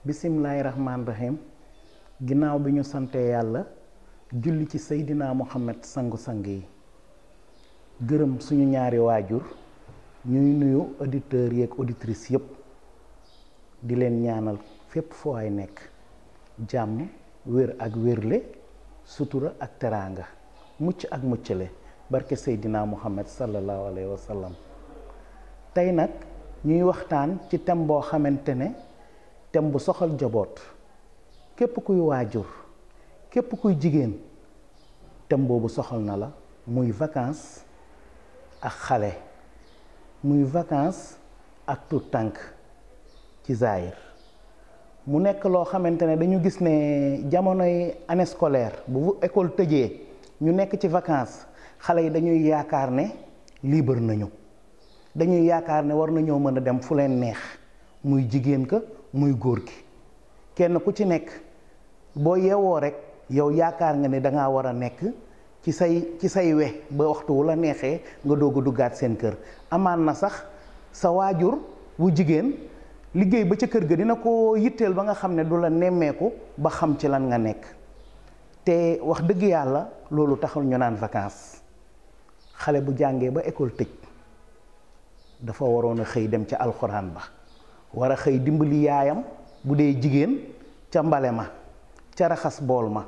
bisimilahi rahmaan rahim ginnaaw bi ñu santee yàlla julli ci seydinaa muhammad sangu-sang yi gërëm suñu ñaari waajur ñuy nuyu auditeurs yeeg auditrices yépp di leen ñaanal fépp foo ay nekk jàmm wér ak wérle sutura ak teraanga mucc ak muccale barke seydinaa muhammad sallallahu alayhi tey nag ñuy waxtaan ci thème xamante ne tem bu soxal njaboot képp kuy waajur képp kuy jigéen tem boobu soxal na la muy vacances ak xale muy vacances ak tout tànk ci zaayir mu nekk loo xamante ne dañu gis ne jamonoy année scolaire bu école tëjee ñu nekk ci vacance xale yi dañuy yaakaar ne libre nañu dañuy yaakaar ne war nañoo mën a dem fu leen neex muy jigéen ka muy góor gi kenn ku ci nekk boo yeewoo rek yow yaakaar nga ne da war a nekk ci say ci say we ba waxtu wu la neexee nga doog duggaat seen kër amaan na sax sa waajur wu jigéen liggéey ba ca kër ga dina ko yitteel ba nga xam ne du la nemmeeku ba xam ci lan nga nekk te wax dëgg yàlla loolu taxul ñu naan vacances xale bu jàngee ba école tëj dafa waroon a xëy dem ca alxuraan ba war a xëy dimbali yaayam bu dee jigéen ca mbale ma ca raxas bool ma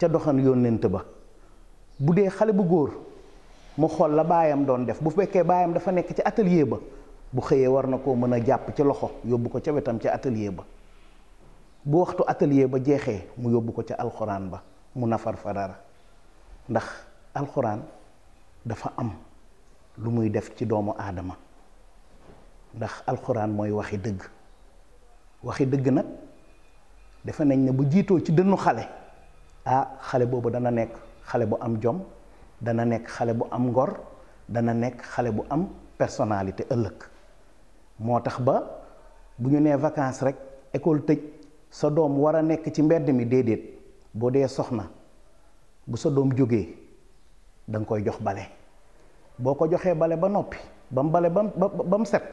ca doxan yónnent ba bu dee xale bu góor mu xool la baayam doon def bu fekkee baayam dafa nekk ci atelier ba bu xëyee war na koo mën a jàpp ca loxo yóbbu ko ca wetam ca atelier ba bu waxtu atelier ba jeexee mu yóbbu ko ca alxuraan ba mu nafar fa dara ndax alxuraan dafa am lu muy def ci doomu aadama ndax alxuraan mooy waxi dëgg waxi dëgg nag defe nañ ne bu jiitoo ci dënnu xale ah xale boobu dana nekk xale bu am jom dana nekk xale bu am ngor dana nekk xale bu am personnalité ëllëg moo tax ba bu ñu nee vacances rek école tëj sa doom war a nekk ci mbedd mi déedéet boo dee soxna bu sa doom jógee da koy jox bale boo ko joxee bale ba noppi bam mu bale ba mu set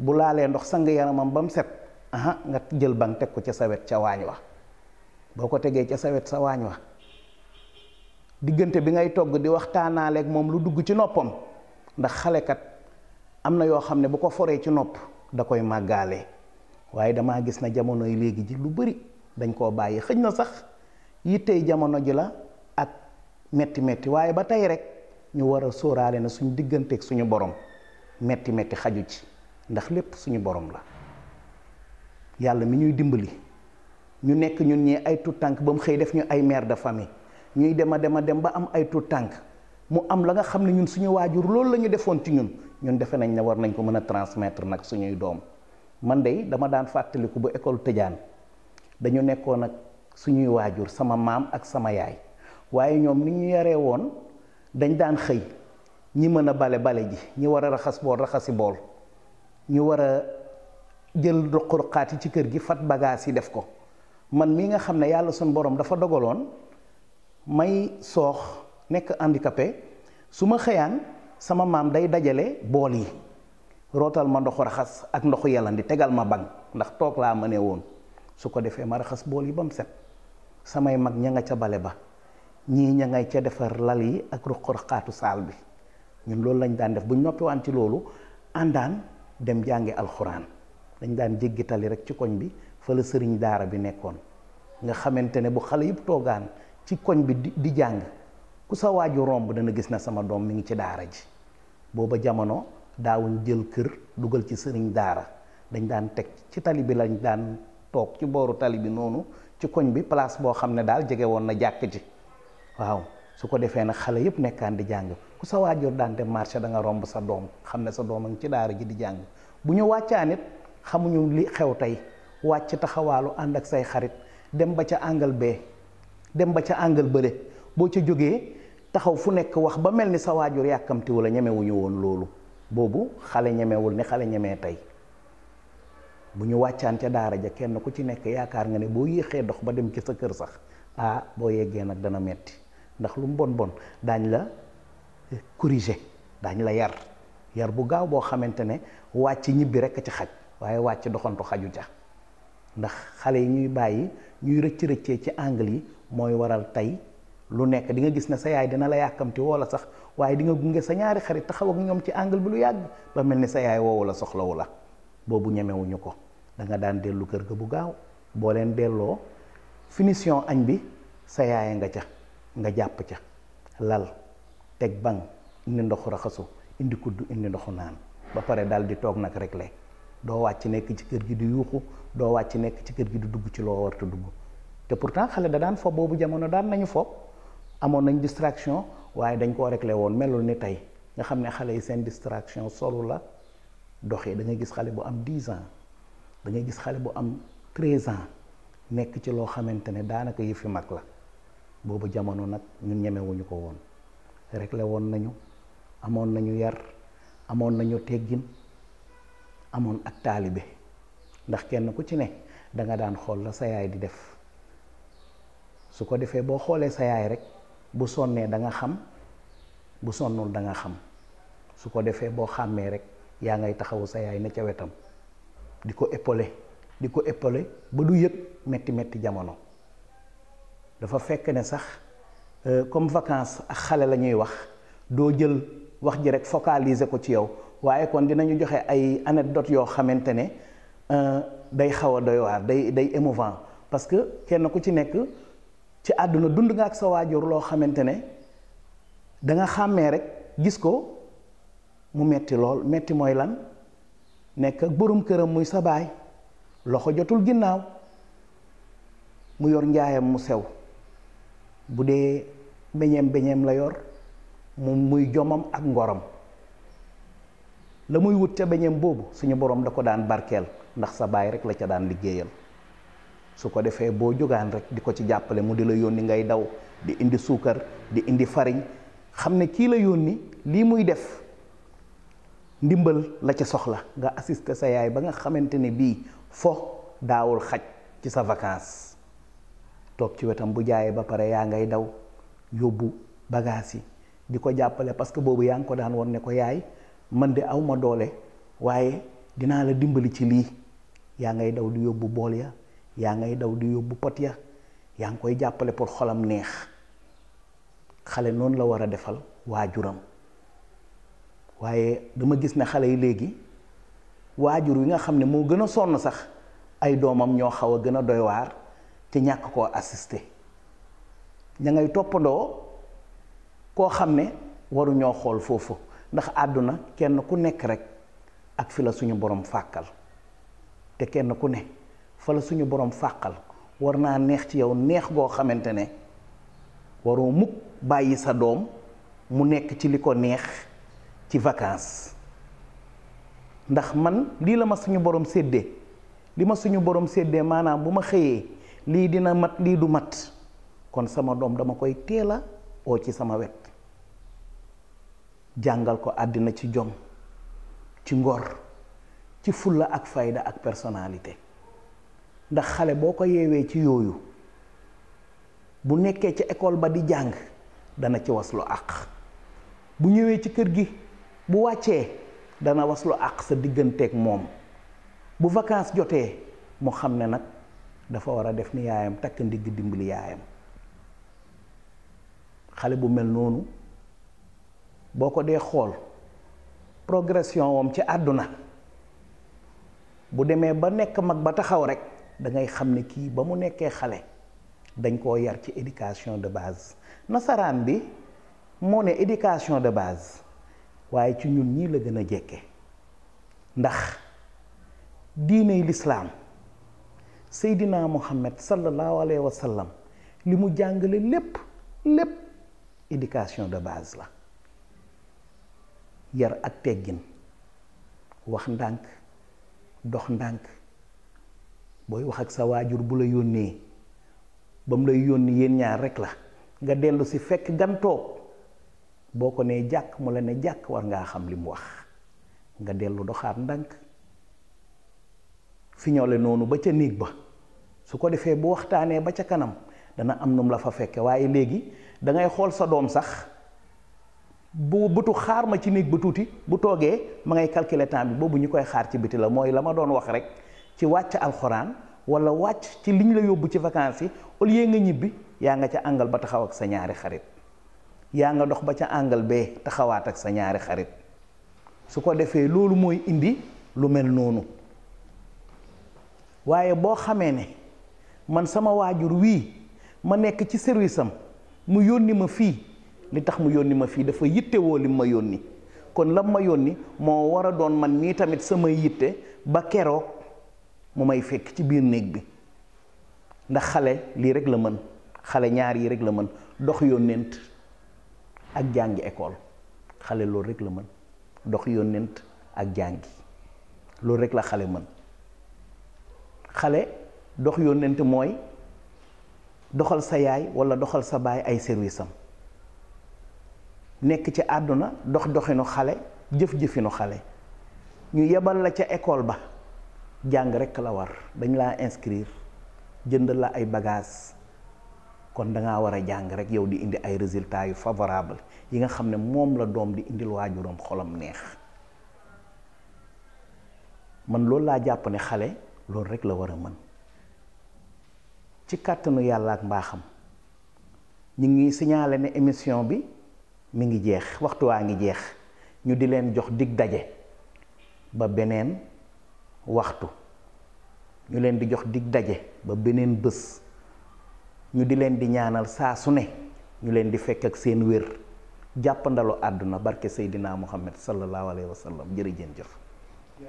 bu laalee ndox sang yaramam ba mu set aha nga jël bang teg ko ca sawet ca waañ wa boo ko tegee ca sawet sa waañ wa diggante bi ngay togg di waxtaanaaleeg moom lu dugg ci noppam ndax xalekat am na yoo xam ne bu ko foree ci nopp da koy màggaalee waaye damaa gis na jamono léegi ji lu bari dañ koo bàyyi xëj na sax yittey jamono ji la ak metti metti waaye ba tey rek ñu war a sóoraale na suñ digganteek suñu borom metti metti xaju ci ndax lépp suñu borom la yàlla mi ñuy dimbali ñu nekk ñun ñee ay tout tànk ba mu xëy def ñu ay mère de famille ñuy dem a dem a dem ba am ay tout tànk mu am la nga xam ne ñun suñu waajur loolu lañu defoon ci ñun ñun defe nañ ne war nañ ko mën a transmettre nag suñuy doom man de dama daan fàttaliku bu école tëjaan dañu nekkoon ak suñuy waajur sama maam ak sama yaay waaye ñoom ni ñu yaree woon dañ daan xëy ñi mën a bale bale ji ñi war a raxas bool raxasi bool ñu war a jël ruq-ruqaat ci kër gi fat bagaas yi def ko man mi nga xam ne yàlla suñ borom dafa dogaloon may soox nekk handicapé su ma xëyaan sama maam day dajale bool yi rootal ma ndoxu raxas ak ndoxu yelandi tegal ma bang ndax toog laa ma ne woon su ko defee ma raxas bool yi ba mu set samay mag ña nga ca bale ba ñii ña ngay ca defar lal yi ak ruq-ruqaatu saal bi ñun loolu lañ daan def bu ñu ci loolu àndaan dem jàngi alxuraan dañ daan jéggi tali rek ci koñ bi fa la sëriñ daara bi nekkoon nga xamante ne bu xale yëpp toogaan ci koñ bi di jàng ku sa waaju dana gis na sama doom mi ngi ci daara ji booba jamono daawuñ jël kër dugal ci sëriñ daara dañ daan teg ci tali bi lañ daan toog ci booru tali bi noonu ci koñ bi place boo xam ne daal jege woon na jàkk ji waaw su ko defee nag xale yëpp nekkaan di jàng ku sa waajur daan dem marché danga romb sa doom xam ne sa doom a ngi ci daara ji di jàng bu ñu wàccaan it xamuñu li xew tey wàcc taxawaalu ànd ak say xarit dem ba ca àngal bee dem ba ca àngal bële boo ca jógee taxaw fu nekk wax ba mel ni sa waajur yàkkamti wala ñemewuñu woon loolu boobu xale ñemewul ni xale ñemee tey bu ñu wàccaan ca daara ja kenn ku ci nekk yaakaar nga ne boo yéexee dox ba dem ci sa kër sax ah boo yeggee nag dana metti ndax lu mu bon bon daañ la eh, corriger daañ la yar yar bu gaaw boo xamante ne wàcc ñibbi rek ci xaj waaye wàcc doxantu xaju ja ndax xale yi ñuy bàyyi ñuy rëcc rëccee ci angle yi mooy waral tey lu nekk di nga gis ne sa yaay dina la yàkkamti woo la sax waaye dinga gunge sa ñaari xarit taxaw ak ñoom ci angle bi lu yàgg ba mel ni sa yaay woowu la soxlawu la boobu ñemewuñu ko danga daan dellu kër ga bu gaaw boo leen delloo finition añ bi sa yaay nga ca nga jàpp ca lal teg bang indi ndox raxasu indi kuddu indi ndoxu naan ba pare daal di toog nag rek le doo wàcc nekk ci kër gi di yuuxu doo wàcc nekk ci kër gi di dugg ci loo warta dugg te pourtant xale da daan fo boobu jamono daan nañu fo amoon nañ distraction waaye dañ koo réglé woon melul ni tey nga xam ne xale yi seen distraction solu la dox yi ngay gis xale bu am 10 ans da gis xale bu am 13 ans nekk ci loo xamante ne daanaka yëfi mag la boobu jamono nag ñun ñemewuñu ko woon réglé amoon nañu yar amoon nañu teggin amoon ak taalibe ndax kenn ku ci ne danga daan xool la sa yaay di def su ko defee boo xoolee sa yaay rek bu sonnee da nga xam bu sonnul da nga xam su ko defee boo xàmmee rek yaa ngay taxawu sa yaay ne ca wetam di ko épauler di ko épauler ba du yëg metti metti jamono dafa fekk ne sax euh, comme vacances ak xale la wax doo jël wax ji rek focaliser ko ci yow waaye kon dinañu joxe ay anecdote yoo xamante ne euh, day xaw a doy day day émouvant parce que kenn ku ci nekk ci àdduna dund nga ak sa waajur loo xamante ne da nga xàmmee rek gis ko mu metti lool metti mooy lan nekk ak borom këram muy sa baay loxo jotul ginnaaw mu yor njaayam mu sew bu dee beñeem beñeem la yor moom muy jommam ak ngoram la muy wut ca beñeem boobu suñu borom da ko daan barkeel ndax sa baay rek la ca daan liggéeyal su ko defee boo jógaan rek di ko ci jàppale mu di la yónni ngay daw di indi suukar di indi fariñ xam ne kii la yónni lii muy def ndimbal la ca soxla nga assister sa yaay ba nga xamante ne bii foo daawul xaj ci sa vacance toog ci wetam bu jaayee ba pare yaa ngay daw yóbbu bagaas yi di ko jàppale parce que boobu yaa ngi ko daan woon ne ko yaay man de awma doole waaye dinaa la dimbali ci lii yaa ngay daw di yóbbu bool ya yaa ngay daw di yóbbu pot ya yaa ngi koy jàppale pour xolam neex xale noonu la war a defal waajuram waaye dama gis ne xale yi léegi waajur wi nga xam ne moo gën a sonn sax ay doomam ñoo xaw a gën a doy waar te ñàkk koo assister ña ngay toppandoo koo xam ne waruñoo xool foofu ndax àdduna kenn ku nekk rekk ak fi la suñu borom fàkkal te kenn ku ne fa la suñu borom fàkkal war naa neex ci yow neex goo xamante ne waru mukk bàyyi sa doom mu nekk ci li ko neex ci vacances ndax man lii la ma suñu borom séddee li ma suñu borom seddee maanaam bu ma xëyee lii dina mat lii du mat kon sama doom dama koy teel a oo ci sama wet jàngal ko àddina ci jom ci ngor ci fulla ak fayda ak personnalité ndax xale boo ko yeewee ci yooyu bu nekkee ci ekool ba di jàng dana ci waslu àq bu ñëwee ci kër gi bu wàccee dana waslu àq sa diggante ak moom bu vacances jotee mu xam ne nag dafa war a def ni yaayam takk ndigg dimbali yaayam xale bu mel noonu boo ko dee xool progression wam ci àdduna bu demee ba nekk mag ba taxaw rek da ngay xam ne kii ba mu nekkee xale dañ koo yar ci éducation de base nasaraan bi moo ne éducation de base waaye ci ñun ñii la gën a jekke ndax diiney lislaam seydina muhammad sallallahu alayhi wa sallam li mu jàngale lépp lépp éducation de base la yar ak teggin wax ndànk dox ndànk booy wax ak sa waajur bu la yónnee ba mu lay yónni yéen ñaar rek la nga dellu si fekk gan boo ko nee jàkk mu la ne jàkk war ngaa xam li mu wax nga dellu doxaat ndànk fi ñoo la noonu ba ca néeg ba su ko defee bu waxtaanee ba ca kanam dana am num la fa fekke waaye léegi da ngay xool sa doom sax bu butu xaar ma ci néeg ba tuuti bu toogee ma ngay calculer temps bi boobu ñu koy xaar ci biti la mooy la ma doon wax rek ci wàcc alxuraan wala wàcc ci liñ la yóbbu ci vacances yi au lieu nga ñibbi yaa nga ca àngal ba taxaw ak sa ñaari xarit yaa nga dox ba ca àngal bee taxawaat ak sa ñaari xarit su ko defee loolu mooy indi lu mel noonu waaye boo xamee ne man sama waajur wii ma nekk ci service mu yónni ma fii li tax mu yónni ma fii dafa li lim ma yónni kon lam ma yónni moo war a doon man nii tamit samay yitte ba keroog mu may fekk ci biir néeg bi ndax xale lii rek la mën xale ñaar yi rek la mën dox yónnent ak jàngi école xale loolu rek la mën dox yónnent ak jàngi loolu rek la xale mën xale dox yónnent mooy doxal sa yaay wala doxal sa baay ay service am nekk ci àdduna dox doxinu xale jëf jëfinu xale ñu yebal la ca école ba jàng rekk la war dañ laa inscrire jënd la ay bagages kon da war a jàng rekk yow di indi ay résultats yu favorable yi nga xam ne moom la doom di indil waajuram xolam neex man loolu laa jàpp ne xale loolu rekk la war a mën. ci kàttanu yàlla ak mbaaxam ñu ngi siñaale ne émission bi mi ngi jeex waxtu waa ngi jeex ñu di leen jox dig daje ba beneen waxtu ñu leen di jox dig daje ba beneen bés ñu di leen di ñaanal saa su ne ñu leen di fekk ak seen wér jàppandalu àdduna barke Seydina Muhammad sallallahu alayhi wa sallam jërëjëf jëf